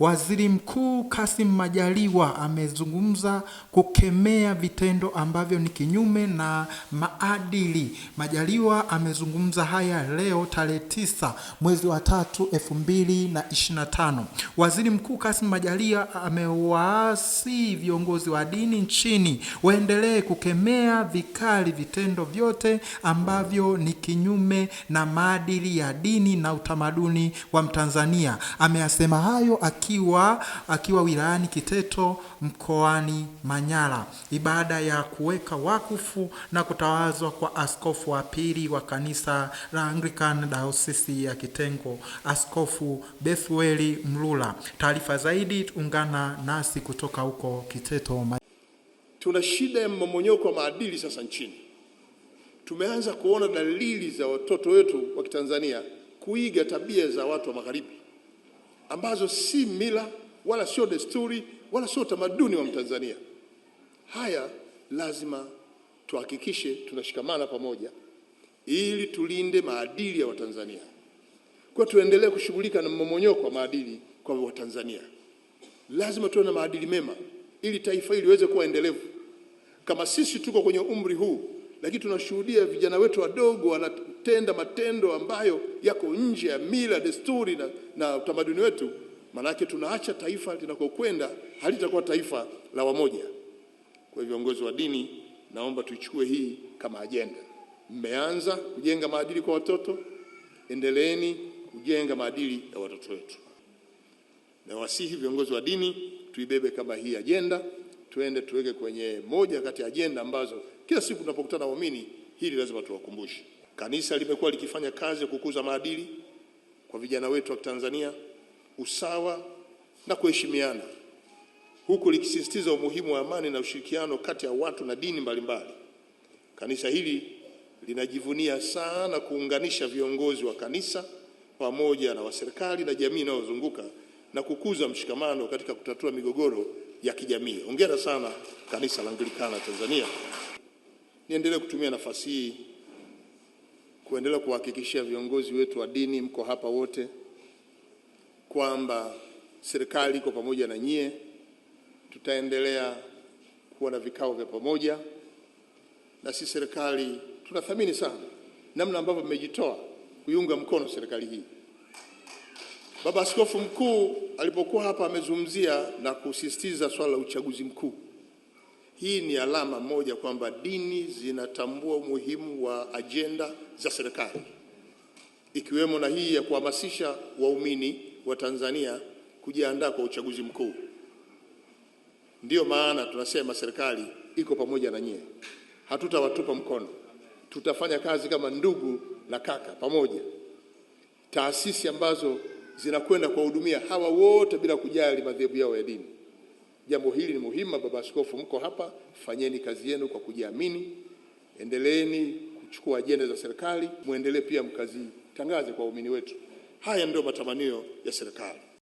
Waziri Mkuu Kassim Majaliwa amezungumza kukemea vitendo ambavyo ni kinyume na maadili. Majaliwa amezungumza haya leo tarehe tisa mwezi wa tatu elfu mbili na ishirini na tano. Waziri Mkuu Kassim Majaliwa amewaasi viongozi wa dini nchini waendelee kukemea vikali vitendo vyote ambavyo ni kinyume na maadili ya dini na utamaduni wa Mtanzania. Ameyasema hayo aki akiwa akiwa wilayani Kiteto mkoani Manyara. Ibada ya kuweka wakufu na kutawazwa kwa askofu wa pili wa kanisa la Anglican Diocese ya Kitengo, Askofu Bethueli Mlula. Taarifa zaidi, ungana nasi kutoka huko Kiteto. Tuna shida ya mmomonyoko wa maadili sasa nchini. Tumeanza kuona dalili za watoto wetu wa Kitanzania kuiga tabia za watu wa Magharibi ambazo si mila wala sio desturi wala sio utamaduni wa Mtanzania. Haya lazima tuhakikishe tunashikamana pamoja ili tulinde maadili ya Watanzania. Kwa tuendelee kushughulika na mmomonyoko wa maadili kwa Watanzania. Lazima tuwe na maadili mema ili taifa hili liweze kuwa endelevu. Kama sisi tuko kwenye umri huu, lakini tunashuhudia vijana wetu wadogo tunatenda matendo ambayo yako nje ya mila, desturi na, na utamaduni wetu, maanake tunaacha taifa linakokwenda halitakuwa taifa la wamoja. Kwa hivyo, viongozi wa dini, naomba tuichukue hii kama ajenda. Mmeanza kujenga maadili kwa watoto, endeleeni kujenga maadili ya watoto wetu. Nawasihi viongozi wa dini tuibebe kama hii ajenda, tuende tuweke kwenye moja kati ya ajenda ambazo kila siku tunapokutana waumini, hili lazima tuwakumbushe. Kanisa limekuwa likifanya kazi ya kukuza maadili kwa vijana wetu wa Tanzania, usawa na kuheshimiana, huku likisisitiza umuhimu wa amani na ushirikiano kati ya watu na dini mbalimbali. Kanisa hili linajivunia sana kuunganisha viongozi wa kanisa pamoja na wa serikali na jamii inayozunguka na kukuza mshikamano katika kutatua migogoro ya kijamii. Hongera sana Kanisa la Anglikana Tanzania. Niendelee kutumia nafasi hii kuendelea kuhakikishia viongozi wetu wa dini, mko hapa wote, kwamba serikali iko pamoja na nyie. Tutaendelea kuwa na vikao vya pamoja, na sisi serikali tunathamini sana namna ambavyo mmejitoa kuiunga mkono serikali hii. Baba Askofu Mkuu alipokuwa hapa amezungumzia na kusisitiza swala la uchaguzi mkuu. Hii ni alama moja kwamba dini zinatambua umuhimu wa ajenda za serikali ikiwemo na hii ya kuhamasisha waumini wa Tanzania kujiandaa kwa uchaguzi mkuu. Ndiyo maana tunasema serikali iko pamoja na nyie, hatutawatupa mkono, tutafanya kazi kama ndugu na kaka pamoja. Taasisi ambazo zinakwenda kuwahudumia hawa wote bila kujali madhehebu yao ya dini Jambo hili ni muhimu. Baba Askofu, mko hapa, fanyeni kazi yenu kwa kujiamini, endeleeni kuchukua ajenda za serikali, muendelee pia mkazitangaze kwa waumini wetu. Haya ndio matamanio ya serikali.